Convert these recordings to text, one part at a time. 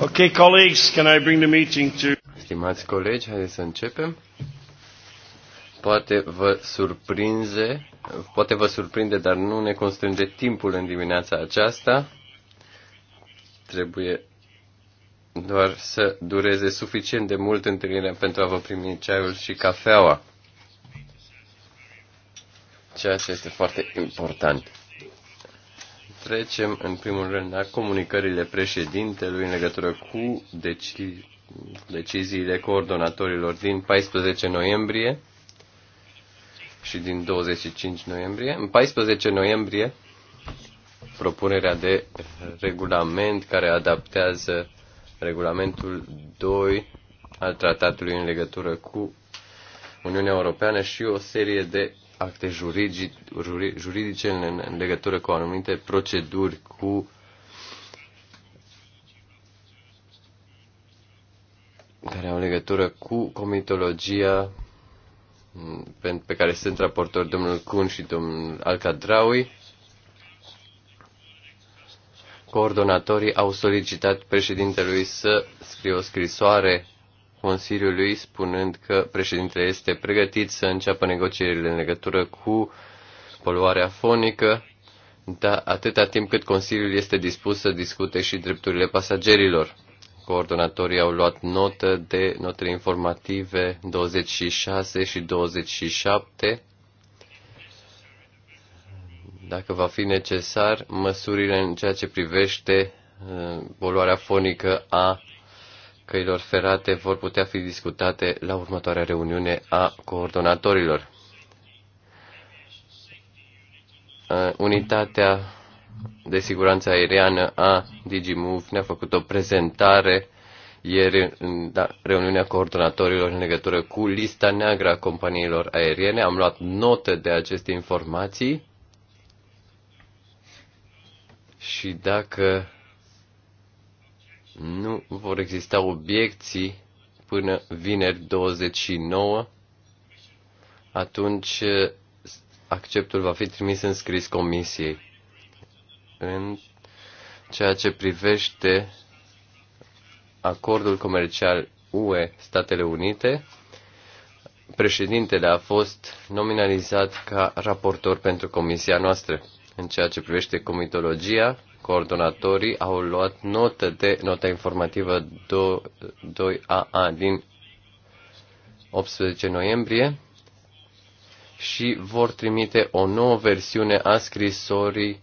Okay, colleagues, can I bring the meeting to... Stimați colegi, haideți să începem. Poate vă surprinde, poate vă surprinde, dar nu ne constrânge timpul în dimineața aceasta. Trebuie doar să dureze suficient de mult întâlnirea pentru a vă primi ceaiul și cafeaua. Ceea ce este foarte important. Trecem în primul rând la comunicările președintelui în legătură cu deci, deciziile coordonatorilor din 14 noiembrie și din 25 noiembrie. În 14 noiembrie, propunerea de regulament care adaptează regulamentul 2 al tratatului în legătură cu Uniunea Europeană și o serie de acte juridice în, în legătură cu anumite proceduri, cu care au legătură cu comitologia mm, pe care sunt raportori domnul Kun și domnul Alcadraui. Coordonatorii au solicitat președintelui să scrie o scrisoare Consiliului, spunând că președintele este pregătit să înceapă negocierile în legătură cu poluarea fonică, da, atâta timp cât Consiliul este dispus să discute și drepturile pasagerilor. Coordonatorii au luat notă de notele informative 26 și 27. Dacă va fi necesar, măsurile în ceea ce privește uh, poluarea fonică a căilor ferate vor putea fi discutate la următoarea reuniune a coordonatorilor. Uh, unitatea de siguranță aeriană a DigiMove ne-a făcut o prezentare ieri în da, reuniunea coordonatorilor în legătură cu lista neagră a companiilor aeriene. Am luat note de aceste informații și dacă nu vor exista obiecții până vineri 29. Atunci acceptul va fi trimis în scris comisiei. În ceea ce privește acordul comercial UE-Statele Unite, președintele a fost nominalizat ca raportor pentru comisia noastră. În ceea ce privește comitologia, coordonatorii au luat notă de nota informativă 2AA din 18 noiembrie și vor trimite o nouă versiune a scrisorii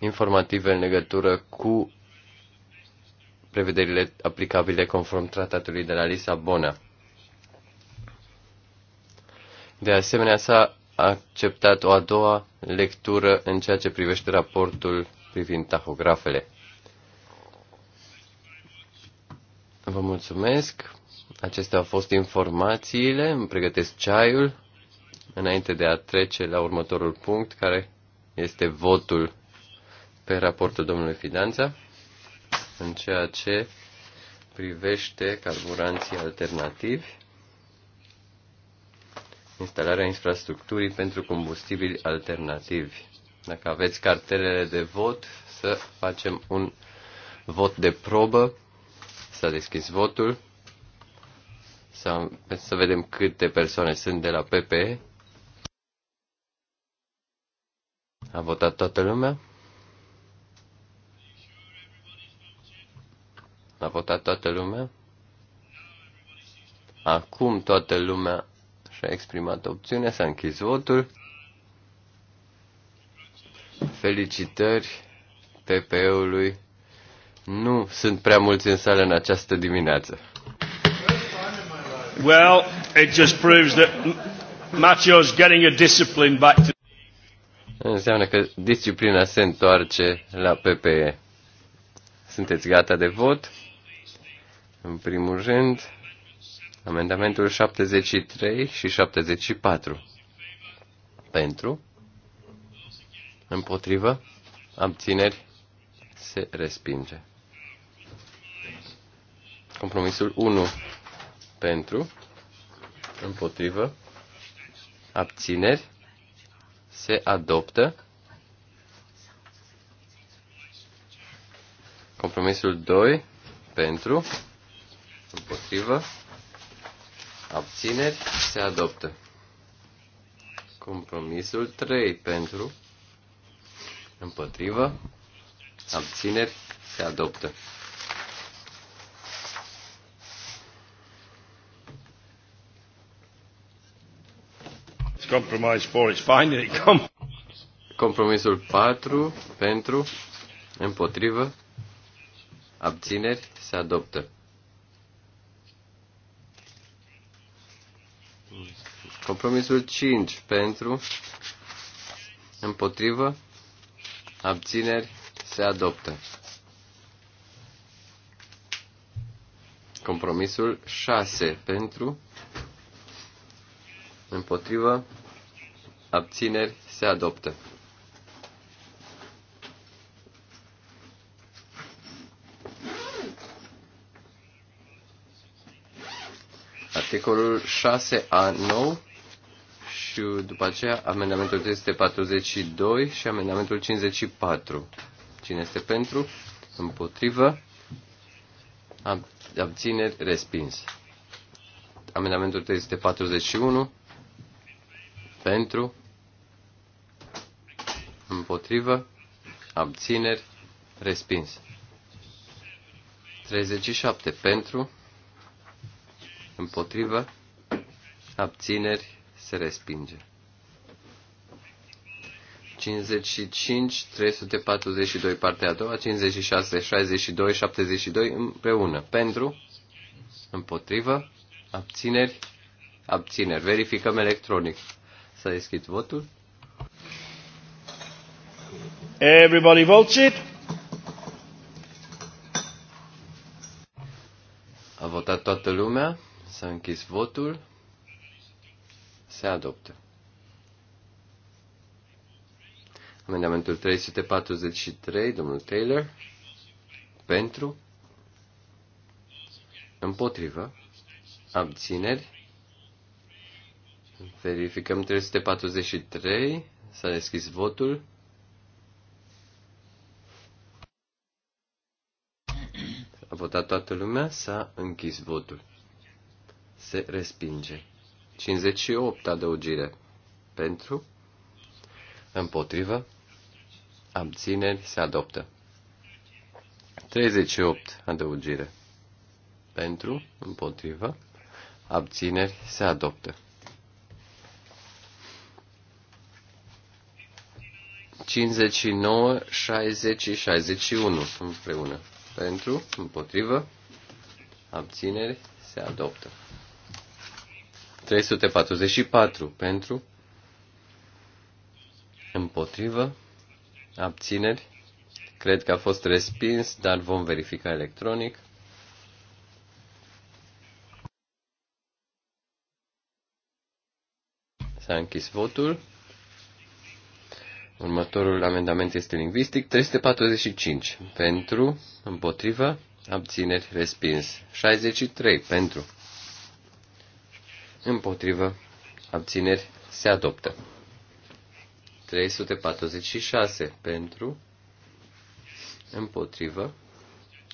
informative în legătură cu prevederile aplicabile conform tratatului de la Lisabona. De asemenea, s-a acceptat o a doua lectură în ceea ce privește raportul privind tahografele. Vă mulțumesc. Acestea au fost informațiile. Îmi pregătesc ceaiul înainte de a trece la următorul punct, care este votul pe raportul domnului Fidanța în ceea ce privește carburanții alternativi instalarea infrastructurii pentru combustibili alternativi. Dacă aveți cartelele de vot, să facem un vot de probă. S-a deschis votul. Să, să vedem câte persoane sunt de la PPE. A votat toată lumea? A votat toată lumea? Acum toată lumea și-a exprimat opțiunea, s-a închis votul. Felicitări PPE-ului. Nu sunt prea mulți în sală în această dimineață. Well, it just proves that Matthew's getting a discipline back to Înseamnă că disciplina se întoarce la PPE. Sunteți gata de vot? În primul rând, Amendamentul 73 și 74. Pentru. Împotrivă. Abțineri. Se respinge. Compromisul 1. Pentru. Împotrivă. Abțineri. Se adoptă. Compromisul 2. Pentru. Împotrivă abțineri, se adoptă. Compromisul 3 pentru, împotrivă, abțineri, se adoptă. Compromise 4 is finally come. Compromisul 4 pentru, împotrivă, abțineri, se adoptă. Compromisul 5 pentru, împotrivă, abțineri, se adoptă. Compromisul 6 pentru, împotrivă, abțineri, se adoptă. Articolul 6A9 și după aceea amendamentul 342 și amendamentul 54. Cine este pentru? Împotrivă? Abțineri? Respins. Amendamentul 341 pentru, împotrivă, abțineri, respins. 37 pentru, împotrivă, abțineri, se respinge. 55, 342, partea a doua, 56, 62, 72 împreună. Pentru, împotrivă, abțineri, abțineri. Verificăm electronic. Să deschis votul. Everybody it. A votat toată lumea. S-a închis votul. Se adoptă. Amendamentul 343, domnul Taylor. Pentru. Împotrivă. Abțineri. Verificăm 343. S-a deschis votul. A votat toată lumea, s-a închis votul. Se respinge. 58 adăugire. Pentru, împotrivă, abțineri se adoptă. 38 adăugire. Pentru, împotrivă, abțineri se adoptă. 59, 60 și 61 împreună. Pentru, împotrivă, abțineri se adoptă. 344 pentru, împotrivă, abțineri. Cred că a fost respins, dar vom verifica electronic. S-a închis votul. Următorul amendament este lingvistic. 345 pentru, împotrivă, abțineri, respins. 63 pentru, împotrivă, abțineri, se adoptă. 346 pentru, împotrivă,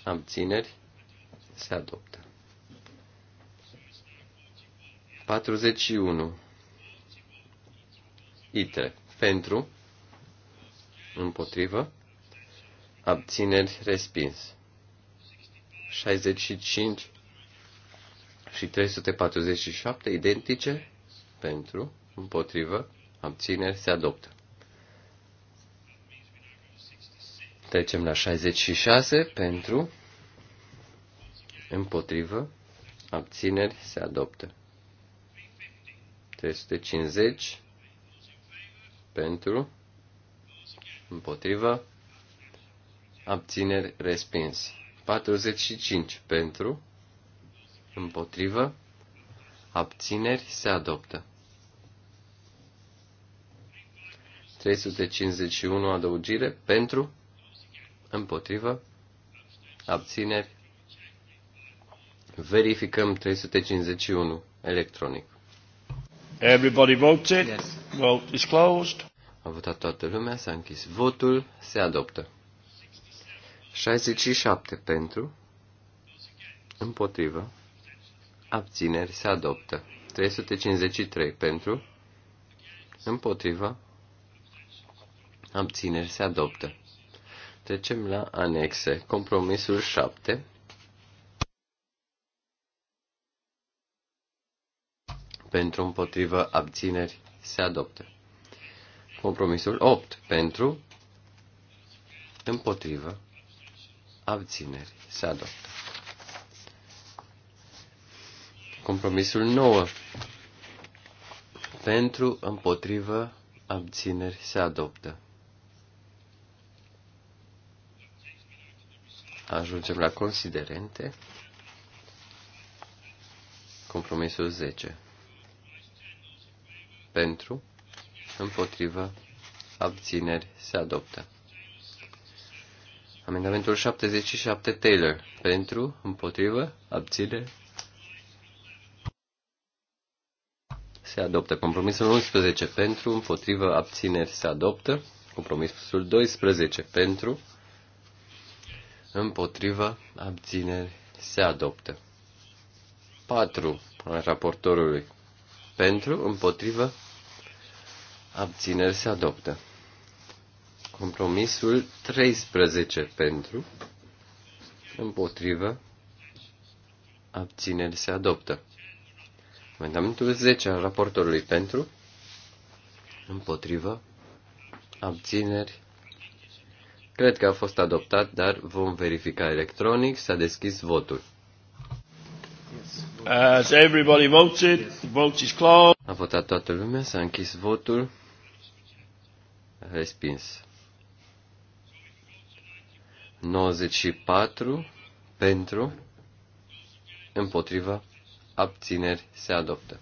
abțineri, se adoptă. 41. Itre. Pentru, împotrivă, abțineri, respins. 65 și 347 identice pentru, împotrivă, abțineri se adoptă. Trecem la 66 pentru, împotrivă, abțineri se adoptă. 350 pentru, împotrivă, abțineri respins. 45 pentru, împotrivă, abțineri, se adoptă. 351 adăugire, pentru, împotrivă, abțineri, verificăm 351 electronic. Everybody voted. Yes. Vote is closed. A votat toată lumea, s-a închis votul, se adoptă. 67 pentru, împotrivă, Abțineri se adoptă. 353 pentru. Împotriva. Abțineri se adoptă. Trecem la anexe. Compromisul 7. Pentru împotrivă abțineri se adoptă. Compromisul 8. Pentru împotrivă abțineri se adoptă. Compromisul 9. Pentru, împotrivă, abțineri se adoptă. Ajungem la considerente. Compromisul 10. Pentru, împotrivă, abțineri se adoptă. Amendamentul 77 Taylor. Pentru, împotrivă, abțineri se adoptă. Compromisul 11 pentru, împotrivă, abțineri se adoptă. Compromisul 12 pentru, împotrivă, abțineri se adoptă. 4 al raportorului pentru, împotrivă, abțineri se adoptă. Compromisul 13 pentru, împotrivă, abțineri se adoptă. Amendamentul 10 al raportorului pentru, împotrivă, abțineri. Cred că a fost adoptat, dar vom verifica electronic. S-a deschis votul. As everybody voted, the vote is closed. A votat toată lumea, s-a închis votul. Respins. 94 pentru, împotriva, abțineri se adoptă.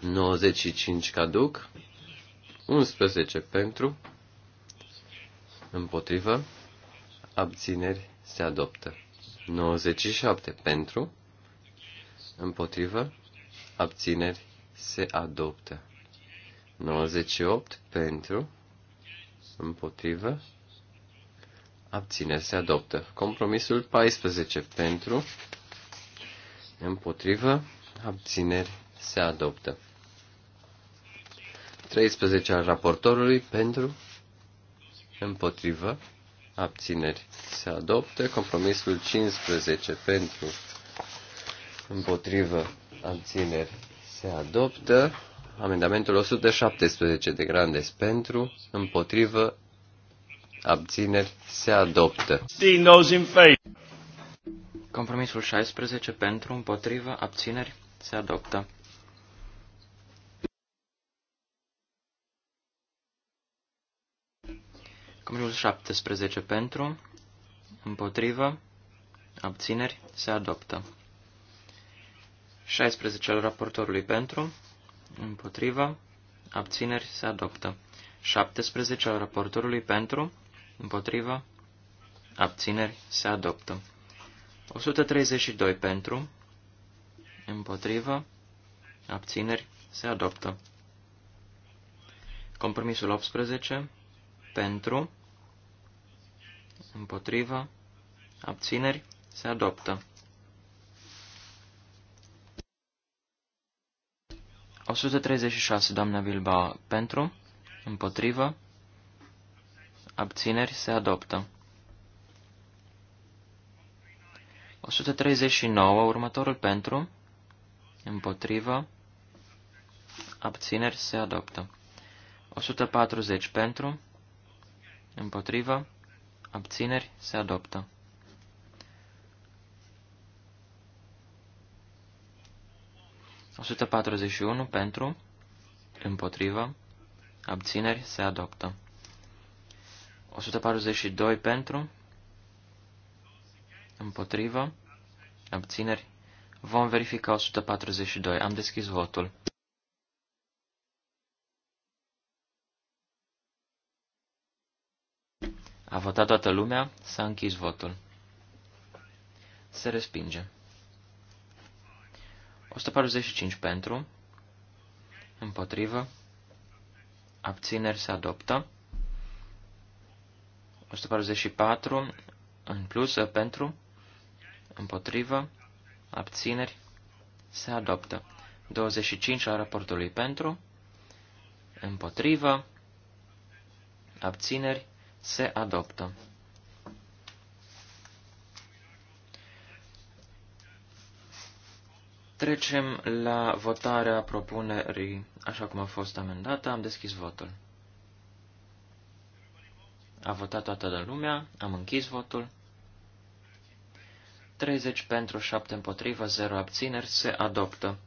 95 caduc, 11 pentru, împotrivă, abțineri se adoptă. 97 pentru, împotrivă, abțineri se adoptă. 98 pentru, împotrivă, abțineri se adoptă. Compromisul 14 pentru, Împotrivă. Abțineri. Se adoptă. 13 al raportorului pentru. Împotrivă. Abțineri. Se adoptă. Compromisul 15 pentru. Împotrivă. Abțineri. Se adoptă. Amendamentul 117 de Grandes pentru, împotrivă, abțineri, se adoptă. Compromisul 16 pentru, împotrivă, abțineri, se adoptă. Compromisul 17 pentru, împotrivă, abțineri, se adoptă. 16 al raportorului pentru, împotrivă, abțineri, se adoptă. 17 al raportorului pentru, împotrivă, abțineri, se adoptă. 132 pentru, împotrivă, abțineri, se adoptă. Compromisul 18 pentru, împotrivă, abțineri, se adoptă. 136, doamna Bilbao, pentru, împotrivă, abțineri, se adoptă. 139, următorul pentru, împotrivă, abțineri se adoptă. 140 pentru, împotrivă, abțineri se adoptă. unu pentru, împotrivă, abțineri se adoptă. 142 pentru, Împotrivă. Abțineri. Vom verifica 142. Am deschis votul. A votat toată lumea, s-a închis votul. Se respinge. 145 pentru, împotrivă, abțineri se adoptă. 144 în plus uh, pentru, împotrivă, abțineri, se adoptă. 25 al raportului pentru, împotrivă, abțineri, se adoptă. Trecem la votarea propunerii așa cum a fost amendată. Am deschis votul. A votat toată lumea, am închis votul. 30 pentru, 7 împotrivă, 0 abțineri, se adoptă.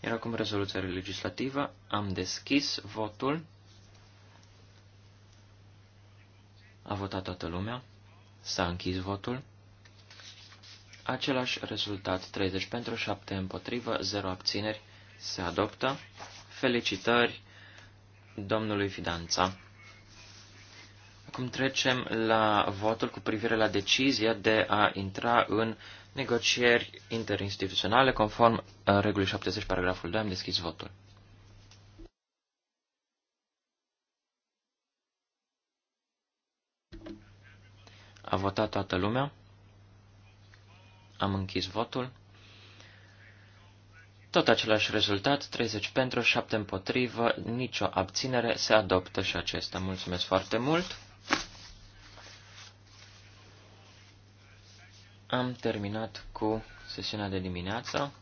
Iar acum rezoluția legislativă. Am deschis votul. A votat toată lumea. S-a închis votul. Același rezultat, 30 pentru, 7 împotrivă, 0 abțineri, se adoptă. Felicitări domnului Fidanța. Acum trecem la votul cu privire la decizia de a intra în negocieri interinstituționale conform uh, regulii 70 paragraful 2. Am deschis votul. A votat toată lumea. Am închis votul. Tot același rezultat, 30 pentru, 7 împotrivă, nicio abținere, se adoptă și acesta. Mulțumesc foarte mult! Am terminat cu sesiunea de dimineață.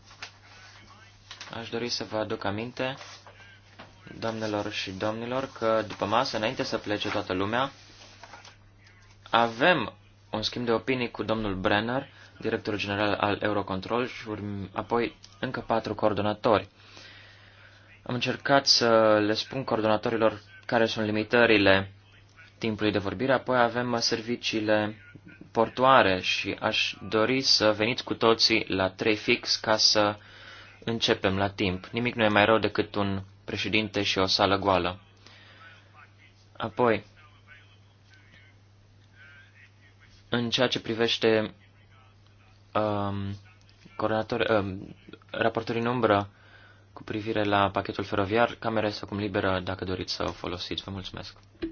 Aș dori să vă aduc aminte, doamnelor și domnilor, că după masă, înainte să plece toată lumea, avem un schimb de opinii cu domnul Brenner, directorul general al Eurocontrol, și apoi încă patru coordonatori. Am încercat să le spun coordonatorilor care sunt limitările timpului de vorbire, apoi avem serviciile portoare și aș dori să veniți cu toții la trei fix ca să începem la timp. Nimic nu e mai rău decât un președinte și o sală goală. Apoi, în ceea ce privește um, coordonator, um, raportorii în umbră cu privire la pachetul feroviar, camera este acum liberă dacă doriți să o folosiți. Vă mulțumesc!